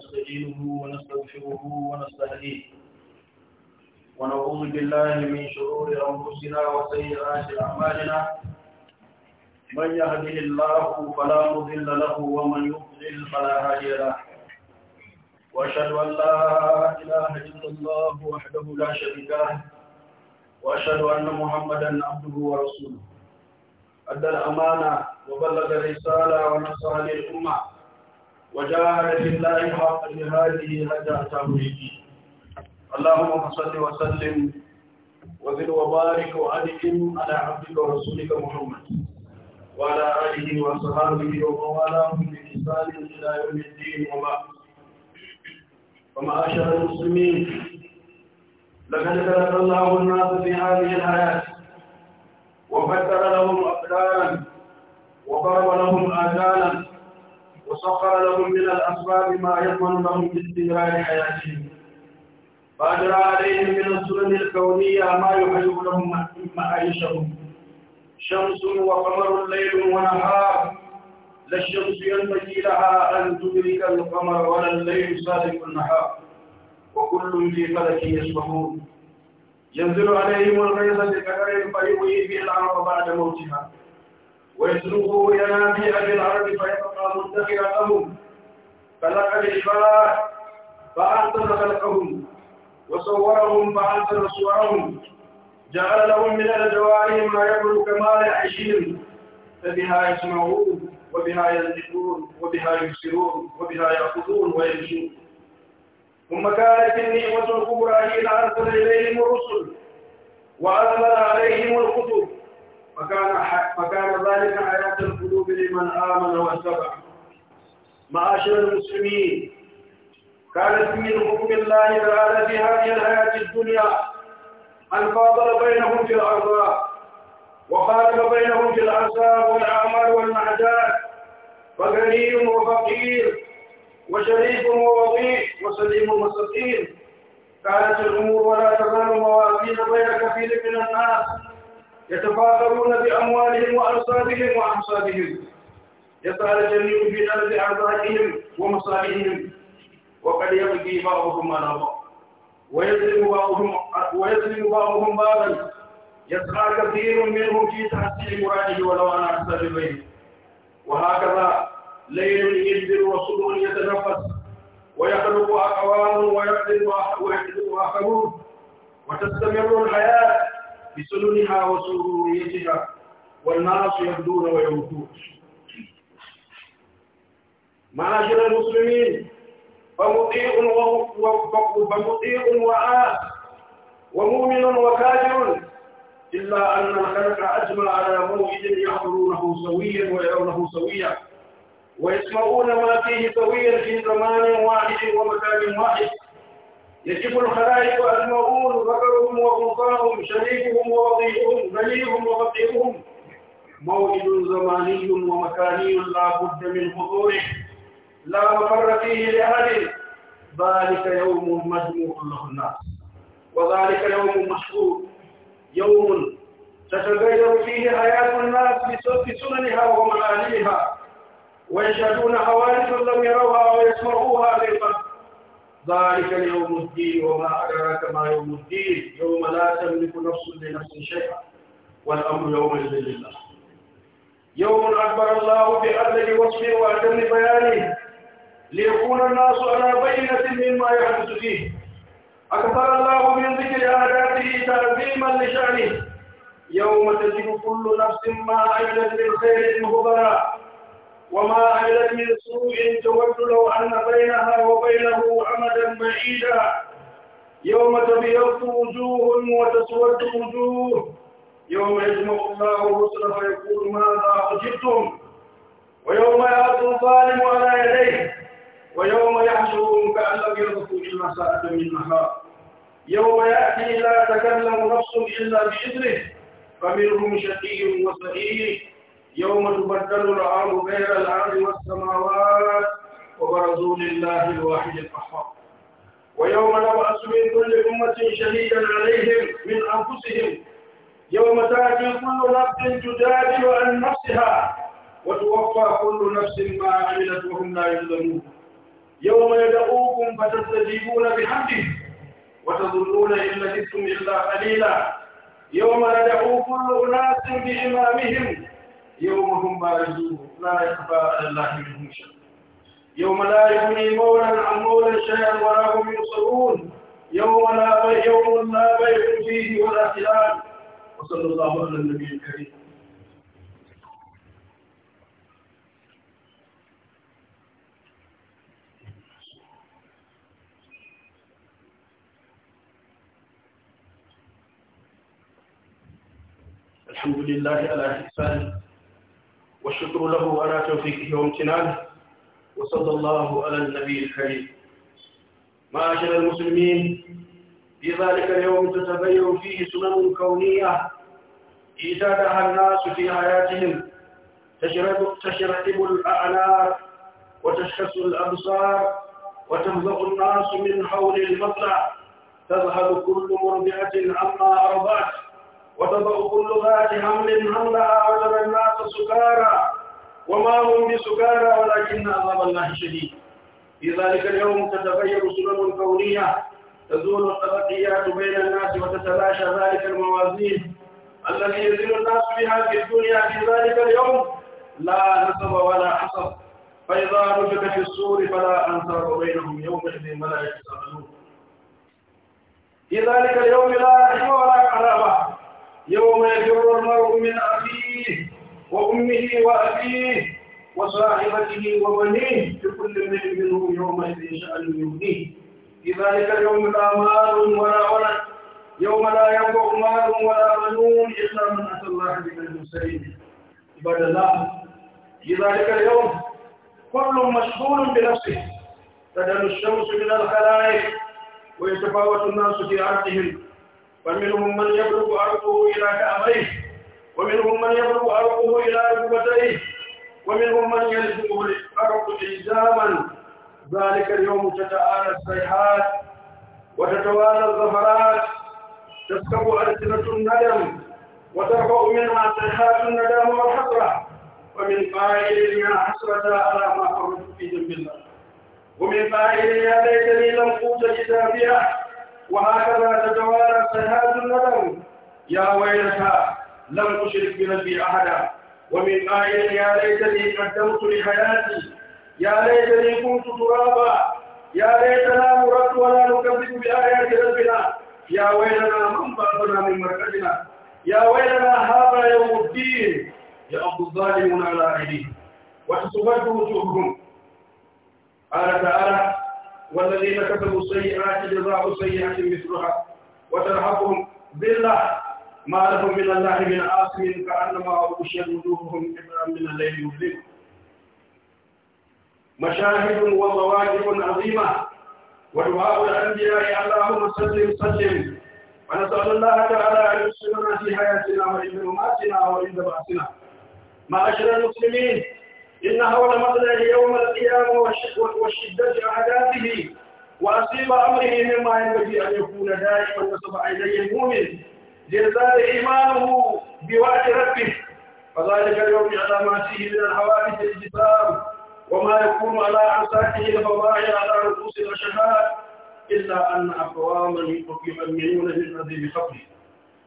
ونستعينه ونستغفره ونستهديه ونعوذ بالله من شرور أنفسنا وسيئات أعمالنا من يهده الله فلا مضل له ومن يضلل فلا هادي له وأشهد أن لا إله إلا الله وحده لا شريك له وأشهد أن محمدا عبده ورسوله أدى الأمانة وبلغ الرسالة ونصر للأمة وجاهد في الله حق جهاده حتى أتاه اليقين اللهم صل وسلم وزد وبارك وأدم على عبدك ورسولك محمد وعلى آله وصحابه وموالاهم بإحسان إلى يوم الدين وبعد ومعاشر المسلمين لقد خلق الله الناس في هذه الحياة وفتر لهم أقدارا وضرب لهم آجالا وسخر لهم من الأسباب ما يضمن لهم استمرار حياتهم وأجرى عليهم من السنن الكونية ما يحجب لهم معايشهم شمس وقمر ليل ونهار لا الشمس ينبغي لها أن تدرك القمر ولا الليل سابق النهار وكل في فلك يسبحون ينزل عليهم الغيظ بقدر فيحيي به الأرض بعد موتها ويسلوه ينابيع العرب فيبقى منتخبا لهم فلقى العباد فأحسن خلقهم وصورهم فأحسن صورهم جعل لهم من الجواري ما يبلغ كمال عشير فبها يسمعون وبها يلتفون وبها يبصرون وبها يأخذون ويمشون ثم كانت النعمة الكبرى حين أرسل إليهم الرسل وأنزل عليهم الكتب وكان فكان ذلك حياة القلوب لمن آمن واتبع معاشر المسلمين كانت من حكم الله تعالى في هذه الحياة الدنيا أن فاضل بينهم في الأرض وقاتل بينهم في الأحزاب والأعمال والمعدات فغني وفقير وشريف ووضيع وسليم وسقيم كانت الأمور ولا تزال موازين بين كثير من الناس يتفاخرون بأموالهم وأنصابهم وأنصابهم يسعى الجميع في أرض أعدائهم ومصالحهم وقد يبكي بعضهم على بعض ويسلم بعضهم ويسلم بعضهم بعضا يسعى كثير منهم في تحصيل مراده ولو على حساب بيته وهكذا ليل يجبر وصبح يتنفس ويخلق أقوام ويحدث آخرون وتستمر الحياة بسللها وسروريتها والناس يبدون ويموتون معاشر المسلمين فمطيع فمطيع وآت ومؤمن وكافر إلا أن الخلق أجمع على موعد يحضرونه سويا ويرونه سويا ويسمعون ما فيه سويا في زمان واحد ومكان واحد يجب الخلائق أجمعون ذكرهم وأنثاهم شريكهم ووضيعهم بليهم وبقيهم موئد زماني ومكاني لا بد من حضوره لا مفر فيه لأهله ذلك يوم مجموع له الناس وذلك يوم مشهور يوم تتغير فيه حياة الناس بسبب سننها ومعانيها ويشهدون حوادث لم يروها ويسمعوها بالقلب ذلك يوم الدين وما أدراك ما يوم الدين يوم لا تملك نفس لنفس شيئا والأمر يومئذ لله يوم أكبر الله بأدل وصفه وأدل بيانه ليكون الناس على بينة مما يحدث فيه أكبر الله من ذكر آياته تعظيما لشأنه يوم تجد كل نفس ما عملت من خير وما عملت من سوء تود لو أن بينها وبينه أمدا بعيدا يوم تبيض وجوه وتسود وجوه يوم يجمع الله الرسل فيقول ماذا أجبتم ويوم يأتي الظالم على يديه ويوم يحشرهم كأن لم يلبثوا إلا ساعة من نهار يوم يأتي لا تكلم نفس إلا بإذنه فمنهم شقي وسعيد يوم تبدل الأرض غير الأرض والسماوات وبرزوا لله الواحد القهار ويوم نبعث من كل أمة شهيدا عليهم من أنفسهم يوم تأتي كل نفس تجادل عن نفسها وتوفى كل نفس ما عملت وهم لا يظلمون يوم يدعوكم فتستجيبون بحمده وتظنون إن لبثتم إلا قليلا يوم ندعو كل أناس بإمامهم يوم هم بارزون لا يخفى على الله منهم شيء يوم لا يغني مولا عن مولا شيئا ولا هم ينصرون يوم لا بيع يوم لا بيع فيه ولا خلال وصلى الله على النبي الكريم الحمد لله على إحسانه والشكر له على توفيقه وامتنانه وصلى الله على النبي الكريم معاشر المسلمين في ذلك اليوم تتغير فيه سنن كونية إيجادها الناس في حياتهم تشرب الأعناق وتشخص الأبصار وتمزق الناس من حول المطلع تذهب كل مرضعة عما أرضعت وتضع كل ذات حمل حملها وترى الناس سكارى وما هم بسكارى ولكن عذاب الله شديد في ذلك اليوم تتغير سنن كونية تزول الطبقيات بين الناس وتتلاشى ذلك الموازين الذي يزيل الناس بها في الدنيا في ذلك اليوم لا نسب ولا حصر فإذا نفك في السور فلا أنصار بينهم يومئذ ولا يتساءلون في ذلك اليوم لا رحمة ولا كرامة يوم يجر المرء من أخيه وأمه وأبيه وصاحبته وبنيه لكل امرئ منهم يومئذ شأن يغنيه في ذلك اليوم لا مال ولا ولد يوم لا ينفع مال ولا بنون إلا من أتى الله بقلب سليم عباد الله في ذلك اليوم كل مشغول بنفسه تدل الشمس من الخلائق ويتفاوت الناس في عرضهم فمنهم من يبلغ عرضه إلى كعبيه ومنهم من يبلغ عرضه إلى ركبتيه ومنهم من يلزمه العرض إلزاما ذلك اليوم تتآلى الصيحات وتتوالى الظفرات تسكب ألسنة الندم وترفع منها صيحات الندم والحسرة ومن قائل يا حسرة على ما فرطت في ذنب الله ومن قائل يا ليتني لم أوت كتابيه وهكذا تتوارى سهاد الندم يا ويلتا لم أشرك بربي أحدا ومن قائل آية، يا ليتني قدمت لحياتي يا ليتني كنت ترابا يا ليتنا مرد ولا نكذب بآيات ربنا يا ويلنا من بعضنا من مركزنا يا ويلنا هذا يوم الدين يأخذ الظالمون على أيديهم وحسبته وجوههم قال تعالى والذين كتبوا السيئات جزاء سيئة مثلها وترهقهم بالله ما لهم من الله من عاصم كأنما أغشيت وجوههم إبرا من الليل مظلم مشاهد ومواقف عظيمة ودعاء الأنبياء اللهم سلم سلم ونسأل الله تعالى أن يسلمنا في حياتنا وعند مماتنا وعند بعثنا معاشر المسلمين إن هول مطلع يوم وشدة عذابه وأصيب أمره مما ينبغي أن يكون دائما نصب إليه المؤمن ليزداد إيمانه بوعد ربه فذلك اليوم على ما فيه من الحوادث الجسام وما يكون على عساته الفضائع على رؤوس الأشهاد إلا أن أقواما يؤمنون من عظيم خطره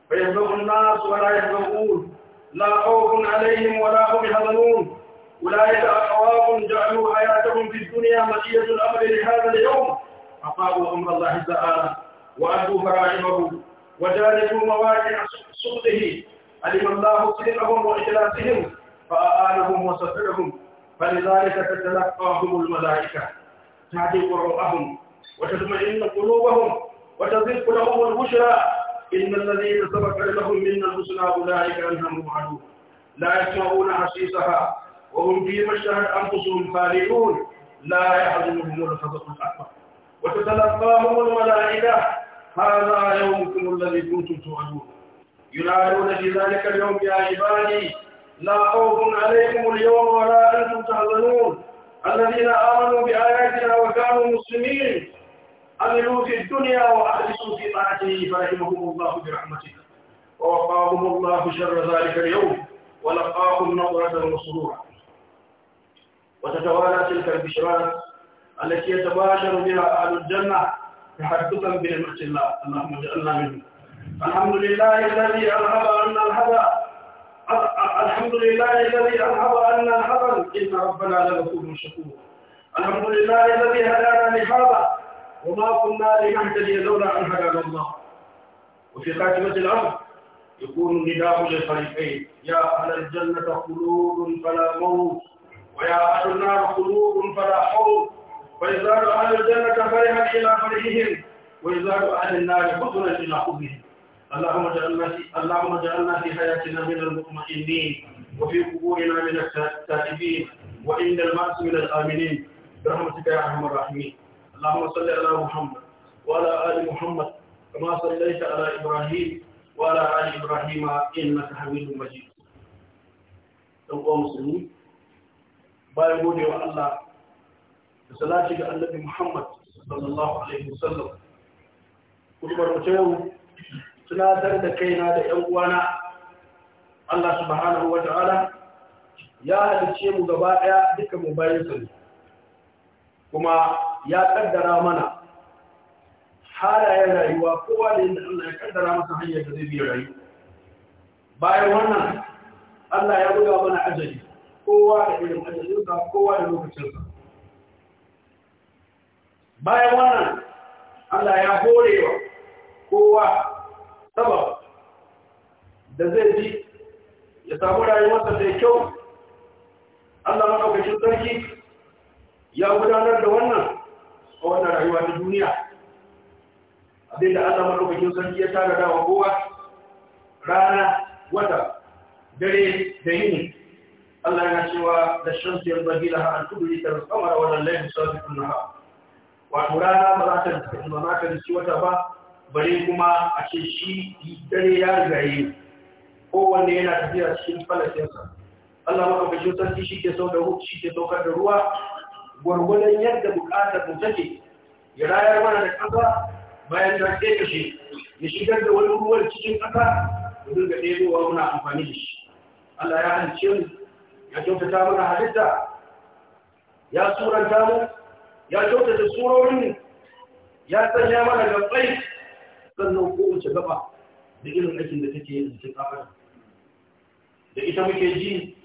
فيهزم الناس ولا يهزمون لا خوف عليهم ولا هم يحزنون أولئك أقوام جعلوا حياتهم في الدنيا مشية الأمر لهذا اليوم أقاموا أمر الله تعالى وأدوا فرائمه وجالسوا مواقع صدقه علم الله صدقهم وإخلاصهم فأآلهم وسفرهم فلذلك تتلقاهم الملائكة تهدي قرؤهم وتطمئن قلوبهم وتزق لهم البشرى إن الذين سبق لهم منا الحسنى أولئك أنهم معدون لا يسمعون حسيسها وهم في مشهد أنفسهم فارئون لا يحزنهم الخطأ الأكبر وتتلقاهم الملائكة هذا يومكم الذي كنتم توعدون ينادون في ذلك اليوم يا عبادي لا خوف عليكم اليوم ولا أنتم تحزنون الذين آمنوا بآياتنا وكانوا مسلمين عملوا في الدنيا وأخلصوا في طاعته فرحمهم الله برحمته ووقاهم الله شر ذلك اليوم ولقاهم نظرة وسرورا وتتوالى تلك البشرات التي يتباشر بها أهل الجنة تحدثا بنعمة الله اللهم اجعلنا منه الحمد لله الذي أذهب عنا الهدى الحمد لله الذي أذهب عنا الهدى إن ربنا لغفور شكور الحمد لله الذي هدانا لهذا وما كنا لنهتدي لولا أن هدانا الله وفي خاتمة الأمر يكون النداء للفريقين يا أهل الجنة قلوب فلا موت ويا أهل النار قلوب فلا حروب ويزداد أهل الجنة فرحا إلى فرحهم ويزداد أهل النار حزنا إلى حبهم اللهم اجعلنا في اللهم اجعلنا في حياتنا من المطمئنين وفي قبورنا من التائبين وعند المأس من الآمنين برحمتك يا أرحم الراحمين اللهم صل على محمد وعلى آل محمد كما صليت على إبراهيم وعلى آل إبراهيم إنك حميد مجيد. أيها المسلمين bayan gode wa Allah da salati ga annabi Muhammad sallallahu alaihi wasallam kuma mu tayo da kaina da ƴan uwana Allah subhanahu wa ta'ala ya halice mu gaba ɗaya duka mu bayan sa kuma ya kaddara mana halayen rayuwa kowa da yadda Allah ya kaddara masa hanyar da zai biya rayu bayan wannan Allah ya buga mana ajali kowa da irin ajalinsa kowa da lokacinsa bayan wannan Allah ya horewa kowa sabab da zai ji ya samu rayuwarsa mai kyau Allah maɗaukacin sarki ya gudanar da wannan a wannan rayuwa ta duniya abinda Allah maɗaukacin sarki ya tara wa kowa rana wata dare da yini Allah yana cewa da shamsu yarbagi laha an tubli ta kamar wa lallai musabiqun naha wato rana ba za ta ba za ta rici wata ba bare kuma a ce shi dare ya yi. kowanne yana tafiya cikin falakinsa Allah maɗaukacin sarki shi ke saukar da ruwa gwargwadon yadda bukatar mu take ya rayar mana da kasa bayan ta ke kashe ya shigar da wani ruwan cikin ƙasa mu dinga ɗebowa muna amfani da shi Allah ya halice mu ya kyautata mana halitta ya suranta mu ya kyautata surorin ya sanya mana gabbai sannan kowace gaba da irin aikin da take yin jikin kafin da ita muke ji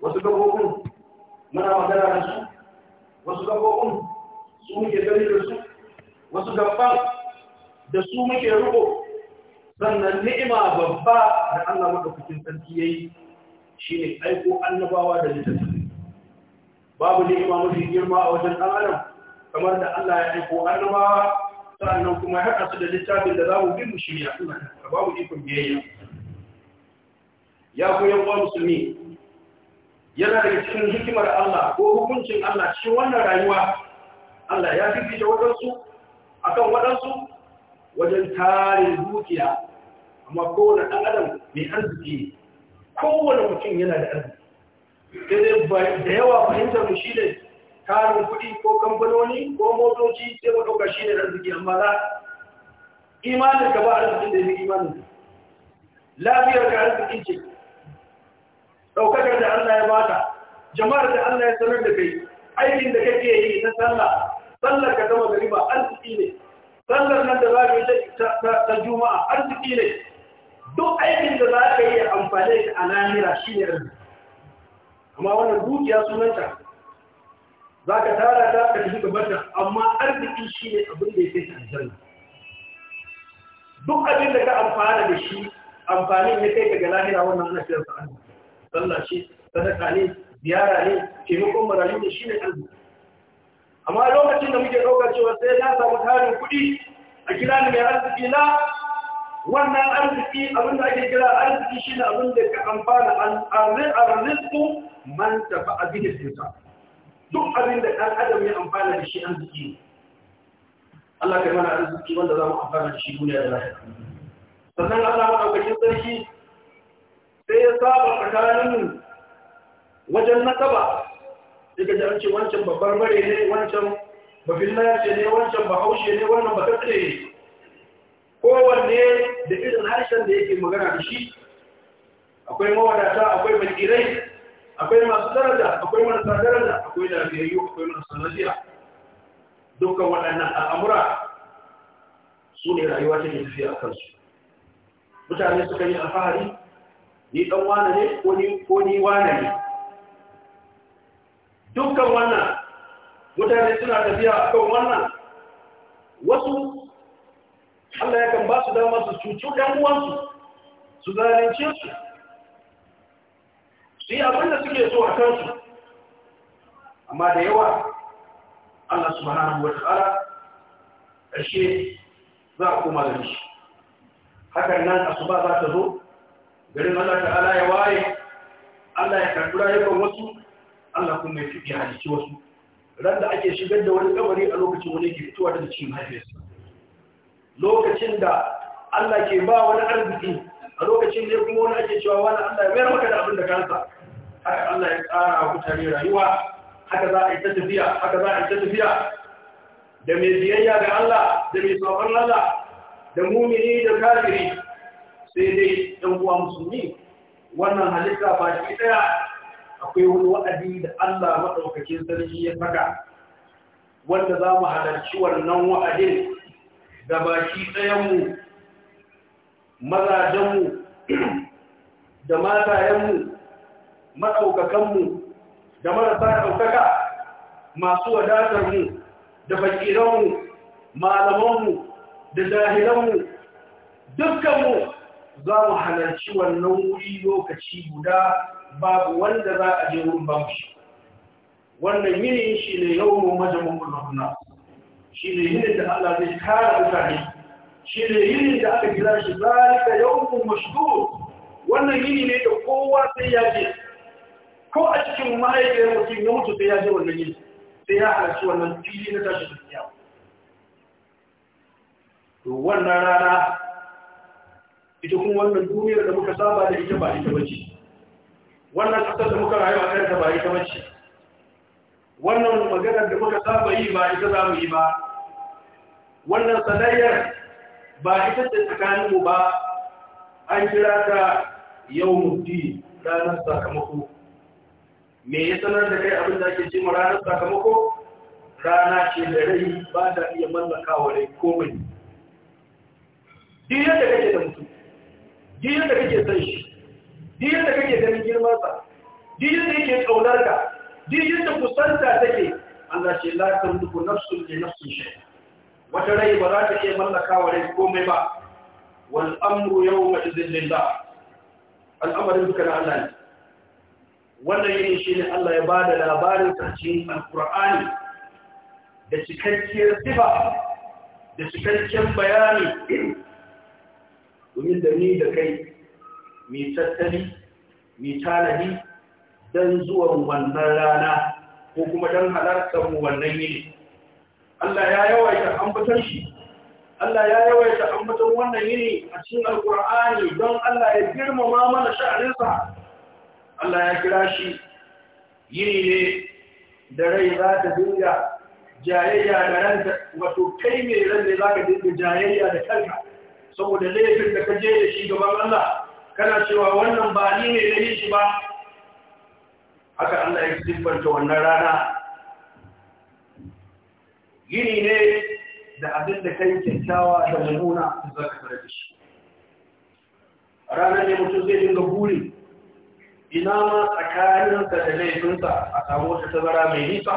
wasu gabobin muna magana da su wasu gabobin su muke gani da su wasu gabban da su muke rubo sannan ni'ima babba da Allah madaukakin sarki yi shine aiko annabawa da littafi. babu ni'ima mafi girma a wajen ɗan adam kamar da Allah ya aiko annabawa sannan kuma ya haɗa su da littafin da za mu bi mu shirya suna da babu ikon biyayya ya ku yan musulmi yana daga cikin hikimar Allah ko hukuncin Allah cikin wannan rayuwa Allah ya fifita waɗansu akan waɗansu wajen tarin dukiya amma kowane ɗan adam mai arziki kowane mutum yana da arziki sai da yawa fahimtar mu shi ne tarin kuɗi ko kamfanoni ko motoci sai mu ɗauka shi ne arziki amma za imanin ka ba arzikin da ya imanin ka lafiyar ka arzikin ce ɗaukakar da Allah ya bata jama'ar da Allah ya sanar da kai aikin da kake yi na sallah sallar ka zama gari ba arziki ne sallar nan da za ka yi ta juma'a arziki ne duk aikin da za ka yi amfani da alamira shi ne rai amma wannan dukiya sunanta za ka tara ta ka tafi gabata amma arziki shi ne abin da ya kai ta aljanna duk abin da ka amfana da shi amfanin ya kai daga lahira wannan ana fiye da sallah shi sadaka ne ziyara ne taimakon marayu ne shi ne arziki amma lokacin da muke ɗaukar cewa sai na samu tarin kuɗi a gina ni mai arziki na wannan arziki abin da ake kira arziki shi ne abin da ka amfana arzikin man tafi abin da sinta duk abin da ɗan adam ya amfana da shi arziki Allah ka yi mana arziki wanda za mu amfana da shi duniya da lafiya sannan Allah maɗaukakin sarki sai ya saba tsakanin wajen nasaba daga ka ce wancan babbar mare ne wancan babin layar ce ne wancan bahaushe ne wannan ba bakasire ne da irin harshen da yake magana da shi akwai mawadata akwai makirai akwai masu daraja akwai marasa daraja akwai lafiyayyu akwai marasa lafiya dukkan waɗannan al'amura su ne rayuwa take tafiya a kansu mutane suka yi alfahari ni ɗan wane ne ko ni wane ne dukkan wannan mutane suna tafiya a kan wannan wasu Allah ya kan ba su dama su cucu ɗan uwansu su zalunce su su yi abin da suke so a kansu amma da yawa Allah su subhanahu wa ta'ala ƙarshe za a koma da shi hakan nan asuba za ta zo garin Allah ta'ala ya waye Allah ya karɓi rayuwar wasu Allah kuma ya fi halicci wasu ran da ake shigar da wani kabari a lokacin wani ke fitowa daga cikin mahaifiyarsa lokacin da Allah ke ba wani arziki a lokacin ne kuma wani ake cewa wani Allah ya mayar maka da abin da kansa haka Allah ya tsara mutane rayuwa haka za a yi ta tafiya haka za a yi ta tafiya da mai biyayya ga Allah da mai sabon Allah da mumini da kafiri sai dai ɗan uwa musulmi wannan halitta ba shi ɗaya akwai wani wa'adi da Allah maɗaukakin sarki ya saka wanda za mu halarci wannan wa'adin da baki ɗayanmu mazajenmu da matayenmu maɗaukakanmu da marasa ɗaukaka masu wadatarmu da fakiranmu malamanmu da jahilanmu dukkanmu za mu halarci wannan wuri lokaci guda babu wanda za a je wurin bamu shi wannan yini shi ne yawon majalisar shi ne yinin da Allah zai kare mutane shi ne yinin da aka kira shi zalika yawon mashdur wannan yini ne da kowa sai ya je ko a cikin mahaifiyar mutum ya mutu sai ya je wannan yini sai ya halarci wannan fili na tashi duniya to wannan rana ita kuma wannan duniyar da muka saba da ita ba ita bace wannan kasar da muka rayu a kanta ba ita bace wannan maganar da muka saba yi ba ita za mu yi ba wannan sanayyar ba ita ce tsakaninmu ba an kira ta yau mutu ranar sakamako me ya sanar da kai abin da ake ce ranar sakamako rana ce da rai ba da iya mallakawa rai komai duk yadda kake da mutu duk yadda kake san shi duk yadda kake ganin girmansa duk yadda yake ƙaunar ka duk yadda kusanta take Allah ce la tamliku nafsun na nafsin shaida wata rai ba za ta iya mallaka wa rai komai ba wal amru yawma idhin lillah al'amarin duka na Allah ne wannan yin shi ne Allah ya ba da labarin sarcin alkur'ani da cikakkiyar sifa da cikakken bayani domin da ni da kai mai tattali mai tanadi don zuwan wannan rana ko kuma don halartar mu wannan yini Allah ya yawaita ambatan shi Allah ya yawaita ambatan wannan yini a cikin alkur'ani don Allah ya girmama mana sha'aninsa Allah ya kira shi yini ne da rai za ta dinga jayayya da ranta wato kai mai ran ne za ka dinga jayayya da kanka saboda laifin da ka je da shi gaban Allah kana cewa wannan ba ni ne na yi shi ba haka Allah ya siffanta wannan rana gini ne da abin da kai kyakkyawa da mummuna da za ka fara da shi ranar ne mutum zai dinga buri ina ma tsakaninsa da laifinsa a samu wata tabara mai nisa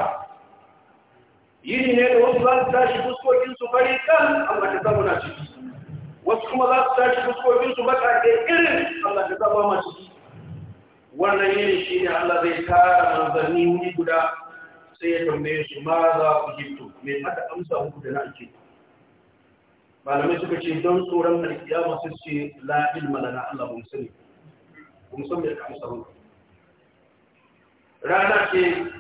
yini ne da wasu za su tashi su fari kan Allah ta zama na ciki wasu kuma za su tashi su baka ke irin Allah ta zama ma ciki wannan yini shi ne Allah zai tara manzanni wuni guda sai ya tambaye su ma za ku gifto mai mata amsa hudu da na ake malamai suka ce don tsoron mai, ya su ce la ilma lana Allah mun sani mun san me aka amsa muku rana ce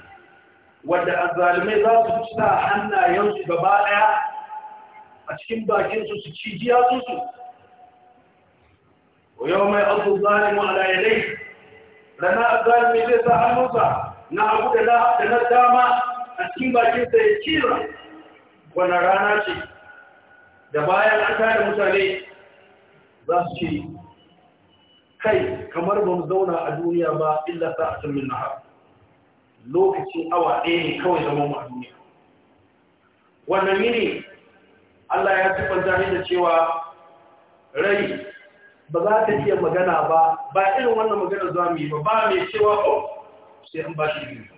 wadda azalimai za su sa hannayensu gaba daya a cikin bakinsu su ci jiya su mai ويوم يقض الظالم على يديه لنا الظالم na abu da na dama. a cikin sa ya cira wani rana ce da bayan an tare mutane za su ce kai kamar ba mu zauna a duniya ba illa sa a sa'atun na nahar lokacin awa ɗaya ne kawai zama mu a duniya wannan mini Allah ya sifanta ne da cewa rai ba za ta iya magana ba ba irin wannan magana za mu yi ba ba mai cewa oh sai an ba shi biyu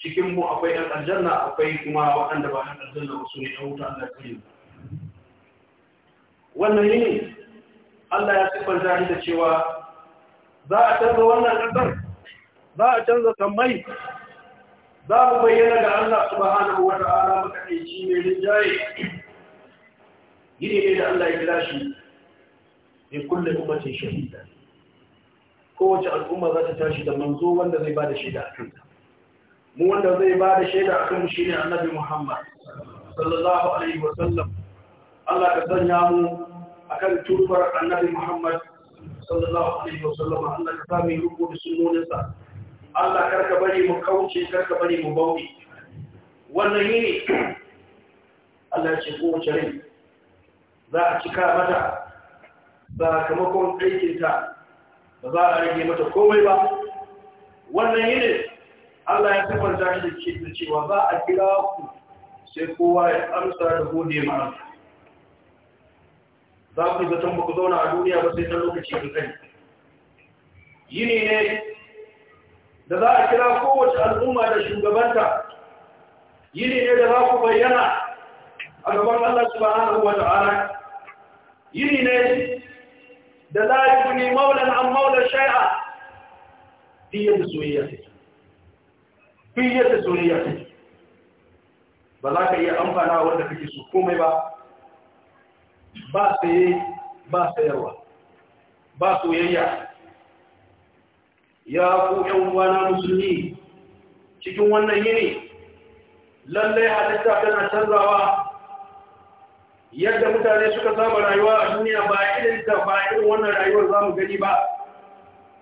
cikin mu akwai ɗan aljanna akwai kuma waɗanda ba ɗan aljanna ba su ne ɗan wuta Allah ta wannan ne Allah ya siffanta shi da cewa za a canza wannan ƙasar za a canza sammai za mu bayyana da Allah subhanahu wa ta'ala makaɗaici mai rinjaye yini ne da Allah ya kira shi ne kulle ummatin shahida kowace al'umma za ta tashi da manzo wanda zai ba da shaida a kanta mu wanda zai ba da shaida a kanmu shi ne annabi Muhammad sallallahu Alaihi wasallam Allah ka sanya mu a kan turbar annabi Muhammad sallallahu Alaihi wasallam Allah ka sami ruku da sunoninsa Allah karka bari mu kauce karka bari mu bauɗe wannan yi ne Allah ce kowace rai za a cika mata sakamakon aikinta ba za a rage mata komai ba wannan yi ne Allah ya da shi da cewa za a kira ku sai kowa ya amsa da gode ma Allah za ku zaton ba ku zauna a duniya ba sai ɗan lokaci da kai yini ne da za a kira kowace al'umma da shugabanta yini ne da za ku bayyana a gaban Allah subhanahu wa ta'ala yini ne da za a yi ne maulan an maulan shai'a diyan soyayya duk yadda soyayya take ba za ka iya amfana wanda kake su komai ba ba saye ba sayarwa ba soyayya ya ku yan wana musulmi cikin wannan yini lallai halitta tana canzawa yadda mutane suka saba rayuwa a duniya ba irin ta ba irin wannan rayuwar za mu gani ba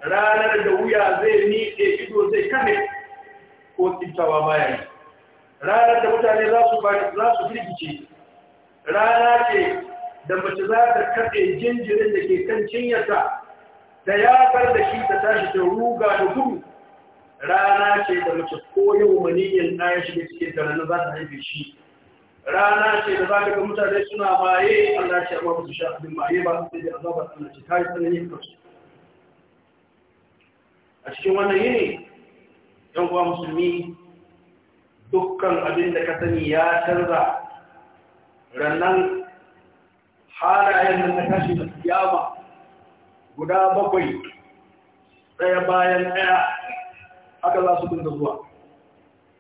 ranar da wuya zai ni ido zai kame ko tsiftawa ma yayi ranar da mutane za su firgice rana ce da mace za ta kafe jinjirin da ke kan cinyarta da ya bar da shi ta tashi ta ruga da gudu rana ce da mace ko yau koyo maniyyar ɗaya shiga cikin rana za ta haife shi rana ce da za ta ga mutane suna maye Allah ce amma musu sha abin maye ba sai da azabar Allah ce ta yi tsananin kansu a cikin wannan yini yan uwa musulmi dukkan abin da ka sani ya canza rannan halayen da ta tashi da siyama guda bakwai ɗaya bayan ɗaya aka za su dinga zuwa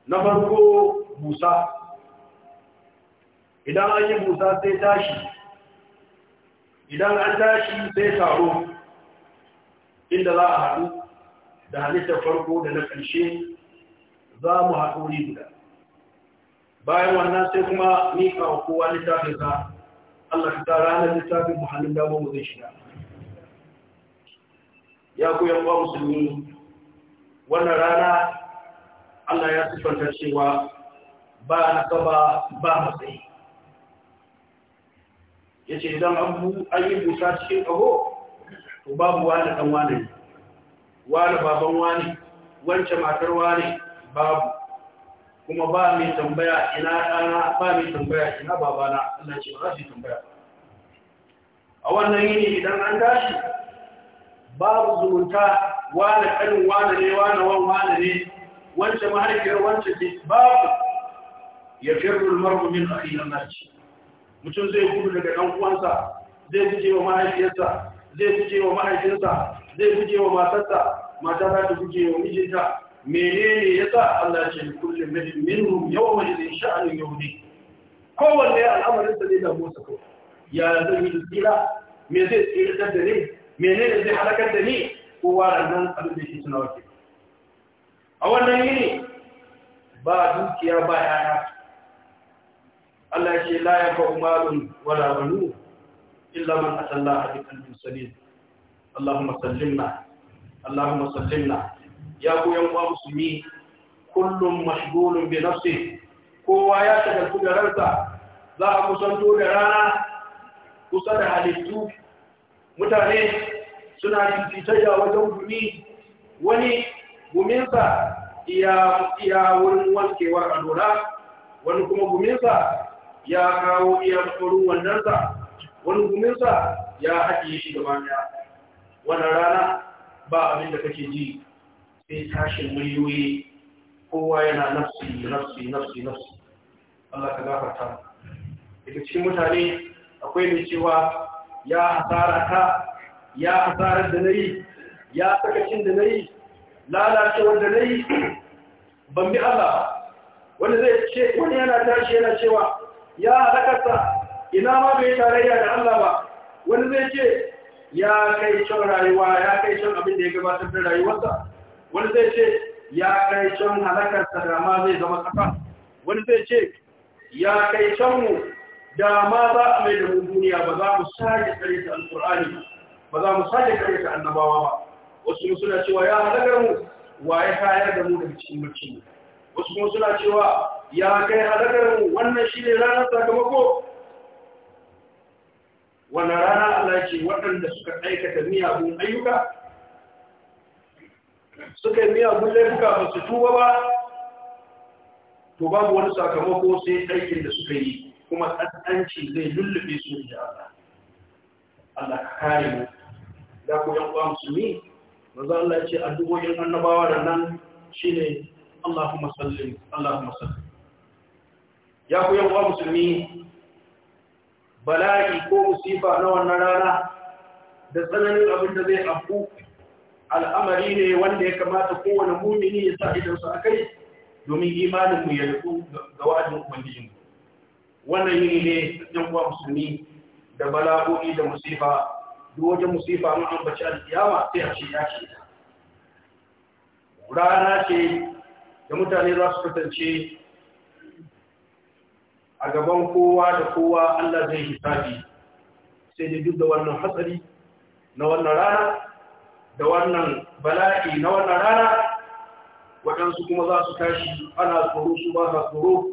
na farko busa idan an yi busa sai tashi idan an tashi sai taro inda za a haɗu da halittar farko da na ƙarshe za mu wuri guda bayan wannan sai kuma mika wa kowa littafin sa Allah ka tara ranar littafin muhallin damar mu zai shiga ya ku yan musulmi wannan rana Allah ya siffanta cewa ba na kaba ba matsayi ya ce idan an yi busa cikin ƙaho to babu wani ɗan wani wani baban wani wance matar wani babu kuma ba mai tambaya ina ɗana ba mai tambaya ina babana Allah ce ba za su yi tambaya a wannan yini idan an tashi babu zumunta wani ƙanin wani ne wani wani wani ne wance mahaifiyar wance ce babu ya firrul marhumin a ilan naci mutum zai gudu daga ɗan uwansa zai guje wa mahaifiyarsa zai guje wa mahaifinsa zai guje wa matarsa mata za ta guje wa mijinta menene yasa Allah ce kullu min minhum yawma idhin sha'anu yawmi kowanne al'amarin da zai damu sa ko ya zan yi tsira me zai tsira da ni menene zai halakar da ni kowa nan abin da ke suna wake a wannan yini ba dukiya ba yaya Allah ce la ya fa'u malun wala banu illa man atallaha bi qalbin salim allahumma sallimna allahumma sallimna ya ku yan kullum mashghulun bi kowa ya shiga kudaransa za a kusanto da rana kusa da halittu mutane suna fitaya wajen gumi wani guminsa iya iya wurin wankewar alura wani kuma guminsa ya kawo iya tsoron wani guminsa ya haɗiye shi da ɗaya wannan rana ba abin da kake ji sai tashin muliyoyi kowa yana nafsi nafsi nafsi nafsi Allah ka gafarta daga cikin mutane akwai mai cewa ya hasara ta ya hasara da yi, ya sakacin da nayi lalacewar da nayi ban bi Allah wanda zai ce wani yana tashi yana cewa ya halakarsa ina ma bai tarayya da Allah ba wani zai ce ya kai can rayuwa ya kai can abin da ya gabatar da rayuwarsa wani zai ce ya kai can halakarsa da zai zama kafa wani zai ce ya kai can mu da ma za a mai da mu duniya ba za mu sake kare ta Alƙur'ani. ba za mu sake kare ta annabawa ba wasu suna cewa ya halakar mu wa ya kayar da mu daga cikin mulki wasu kuma suna cewa ya kai halakar mu wannan shi ne ranar sakamako wani rana Allah ce waɗanda suka aikata miyagun ayyuka suka yi miyagun laifuka ba su tuba ba to babu wani sakamako sai aikin da suka yi kuma ɗanɗanci zai lullufe su da Allah Allah ka kare mu da ku yan uwa musulmi manzo Allah ce addu'o'in annabawa da nan shi shine Allahumma sallim Allahumma sallim ya ku yan uwa musulmi bala'i ko musifa na wannan rana da tsananin abin da zai abu al'amari ne wanda ya kamata kowane mumini ya sa idansa a kai domin imaninmu ya rufu ga wa'adin ubangijinmu wannan yini ne yan kuwa musulmi da bala'o'i da musifa duk wajen musifa mun ambaci alkiyama sai a ce ya ce rana ce da mutane za su kasance a gaban kowa da kowa Allah zai hisabi sai da duk da wannan hatsari na wannan rana da wannan bala'i na wannan rana waɗansu kuma za su tashi ana tsoro su ba sa tsoro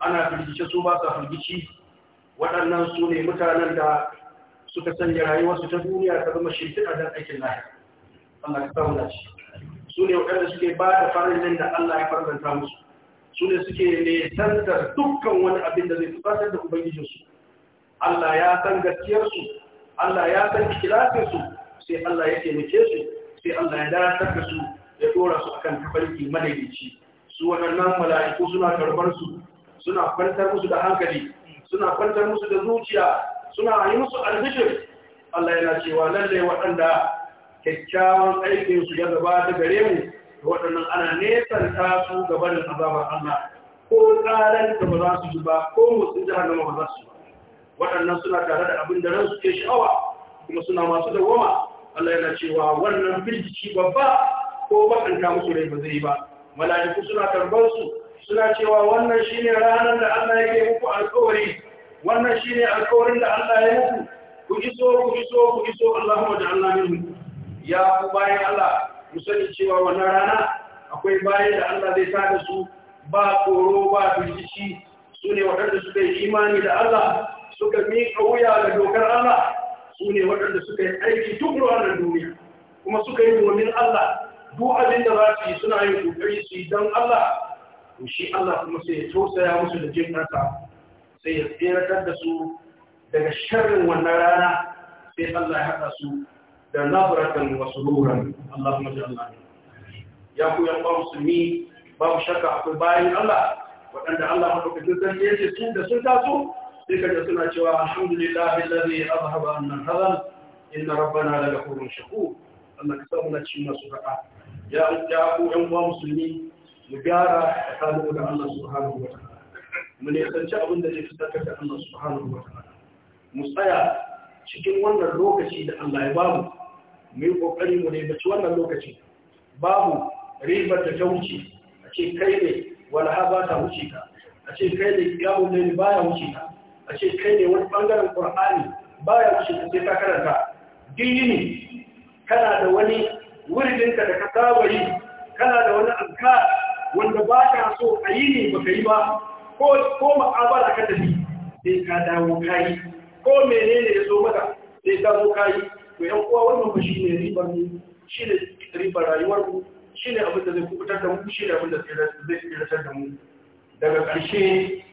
ana firgice su ba sa firgici waɗannan su ne mutanen da suka sanya rayuwarsu ta duniya ta zama a dan aikin lahiya Allah ka samu shi su ne waɗanda suke ba da farin da Allah ya farganta musu su ne suke nesantar dukkan wani abin da zai tukatar da ubangijinsu Allah ya san gaskiyarsu Allah ya san ikirafinsu sai Allah ya taimake su sai Allah ya dara da su ya tora su akan tafarki malayici. su waɗannan mala'iku suna karbar su suna kwantar musu da hankali suna kwantar musu da zuciya suna yi musu albishir Allah yana cewa lallai waɗanda kyakkyawan aikinsu ya gaba ta gare mu da waɗannan ana ta su gaba da azabar Allah ko tsarar da ba za su ji ba ko motsin jahannama ba za su ba waɗannan suna tare da abin da ran ke sha'awa kuma suna masu da goma Allah yana cewa wannan binciki babba ko bakanta musu rai ba zai ba mala'iku suna tarbar su suna cewa wannan shine ranar da Allah yake muku alƙawari wannan shine alƙawarin da Allah ya muku ku iso ku iso ku iso Allahumma ja'alna minhum ya ku bayan Allah mu cewa wannan rana akwai bayan da Allah zai sada su ba tsoro ba firgici su ne waɗanda suka yi imani da Allah suka miƙa wuya ga dokar Allah su ne waɗanda suka yi aiki duk wannan duniya kuma suka yi domin Allah duk abin da za su yi suna yin kokari su yi don Allah to shi Allah kuma sai ya tausaya musu da jin ƙarfa sai ya tseratar da su daga sharrin wannan rana sai Allah ya haɗa su da nabratan wa sururan Allahumma ja'alna ya ku yan musulmi babu shakka akwai bayan Allah waɗanda Allah madaukakin sarki ya ce tun da sun taso sai kaje suna cewa alhamdulillahi allazi azhaba anna hadan inna rabbana daga ghafurun shakur Allah ka samu na ci masu faɗa ya ya ku yan uwa musulmi mu gyara a tsakaninmu da Allah subhanahu wa ta'ala mu ne sanci abin da zai fitar da Allah subhanahu wa ta'ala mu tsaya cikin wannan lokaci da Allah ya bamu Mai kokari mu nemi wannan lokaci babu ribar da ta wuce a ce kai ne wala haba ta wuce ka a ce kai ne yawon ne ba ya wuce ka a ce kai ne wani bangaren ƙur'ani ba ya wuce ka sai ka karanta duk kana da wani wuridinka da ka saba yi kana da wani abka wanda ba ka so a yi ne ba ka yi ba ko a ka tafi sai ka dawo kayi ko menene ya zo maka sai ka zo kayi to yan uwa wannan ba shine ribar mu shine ribar rayuwar mu shine abin da zai kubutar da mu shine abin da zai tsiratar da mu daga ƙarshe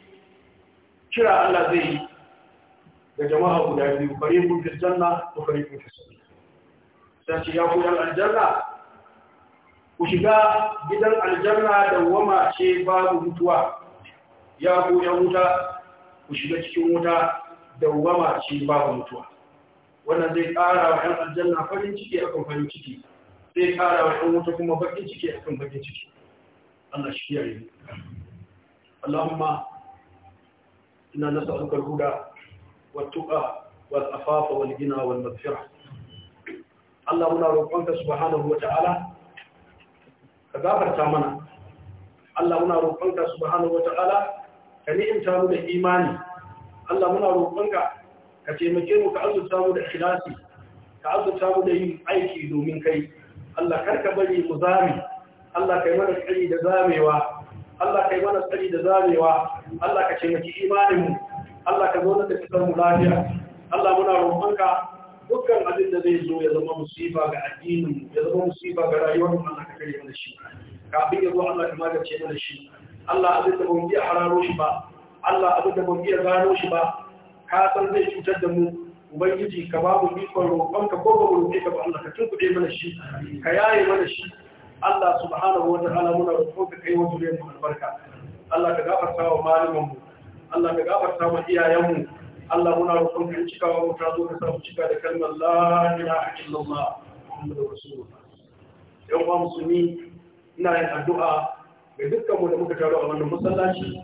kira Allah zai yi ga jama'a guda biyu fariqun fil janna wa fariqun fis sa'ir sai ce ya ku aljanna ku shiga gidan aljanna da wama ce babu mutuwa ya ku wuta ku shiga cikin wuta da wama ce babu mutuwa wannan zai ƙara wa ‘yan aljanna farin ciki a kan farin ciki zai ƙara wa ‘yan wuta kuma bakin ciki a kan bakin ciki Allah shi yare Allahumma ina nas'aluka al-huda wat-tuqa wal-afafa wal-ghina wal-maghfira Allah muna roƙonka subhanahu wa ta'ala ka gafarta mana Allah muna roƙonka subhanahu wa ta'ala ka ni'imta mu da imani Allah muna roƙonka ka taimake mu ka azurta mu da ikhlasi ka azurta mu da yin aiki domin kai Allah kar ka bari mu zame Allah kai mana tsari da zamewa Allah kai mana tsari da zamewa Allah ka taimaki imanin mu Allah ka zo da fitar mu lafiya Allah muna roƙonka dukkan abin da zai zo ya zama musiba ga addinin ya zama musiba ga rayuwar mu Allah ka kare mana shi kafin ya zo Allah ka magance mana shi Allah abin da ban iya hararo shi ba Allah abin da ban iya gano shi ba ka san zai cutar da mu ubangiji ka ba mu ikon roƙon ka ko ba mu roƙe ka ba Allah ka tunkuɗe mana shi ka yaye mana shi Allah subhanahu wa ta'ala muna roƙon ka kai wa zuriyar mu albarka Allah ka gafarta wa malaman mu Allah ka gafarta wa iyayen mu Allah muna roƙon ka cika wa mu ta zo ka samu cika da kalmar la ilaha illallah Muhammadur rasulullah yan uwa musulmi ina yin addu'a ga dukkan mu da muka taru a wannan masallaci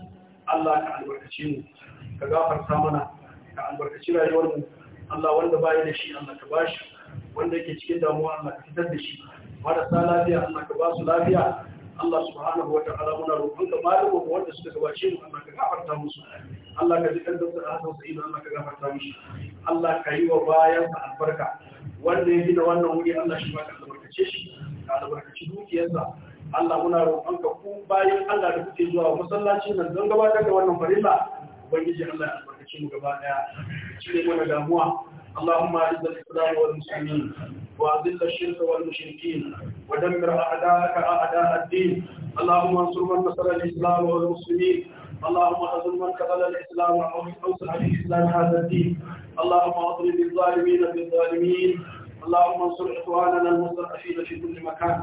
Allah ka albarkace mu ka gafarta mana ka albarkaci rayuwar mu. Allah wanda bai da shi Allah ka bashi wanda yake cikin damuwa Allah ka fitar da shi marasa lafiya Allah ka basu lafiya Allah subhanahu wa ta'ala muna roƙonka malamu wanda suka gabace mu Allah ka gafarta musu Allah ka jikan dukkan hasan sai Allah ka gafarta musu Allah ka yi wa bayan ka albarka wanda ya gina wannan wuri Allah shi ma ka albarkace shi ka albarkaci dukiyarsa Allah muna roƙonka ku bayan Allah da kuke zuwa Masallaci nan don gabatar da wannan farilla ubangiji Allah ya albarka اللهم اعز الاسلام والمسلمين واذل الشرك والمشركين ودمر اعداءك اعداء الدين اللهم انصر من نصر الاسلام والمسلمين اللهم اعذر من كفل الاسلام او اوسع الاسلام هذا الدين اللهم اضرب الظالمين بالظالمين اللهم انصر اخواننا المستضعفين في كل مكان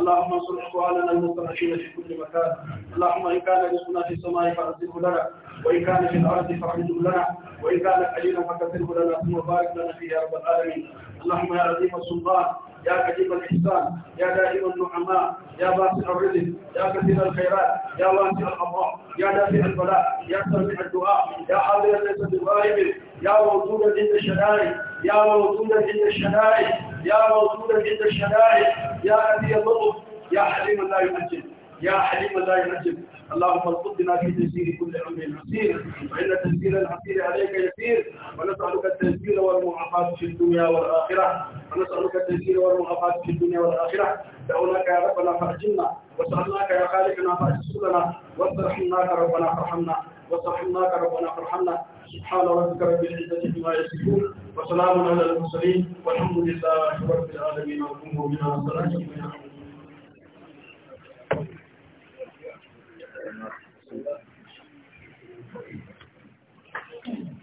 اللهم انصر اخواننا المستضعفين في كل مكان اللهم ان كان رزقنا في السماء فارزقه لنا وإن كان في الأرض فحمده لنا وإن كان قليلا فكثره لنا ثم بارك لنا فيه يا رب العالمين اللهم يا عظيم السلطان يا كريم الإحسان يا دائم النعماء يا باسع الرزق يا كثير الخيرات يا واسع الأمراض يا دافع البلاء يا سميع الدعاء يا حاضر ليس بغائب يا موجودا عند الشدائد يا موجودا عند الشدائد يا موجود عند الشدائد يا أبي اللطف يا حليم لا يمجد يا حليم لا يمجد اللهم ارزقنا في تيسير كل امر عسير وان تيسير العسير عليك يسير ونسالك التيسير والمعافاه في الدنيا والاخره ونسالك التيسير والمعافاه في الدنيا والاخره دعوناك يا ربنا فارجمنا وسالناك يا خالقنا فاجسدنا واسترحمناك ربنا فارحمنا واسترحمناك ربنا فارحمنا سبحان ربك رب العزه عما يصفون وسلام على المرسلين والحمد لله رب العالمين وقوموا بنا صلاه Thank you.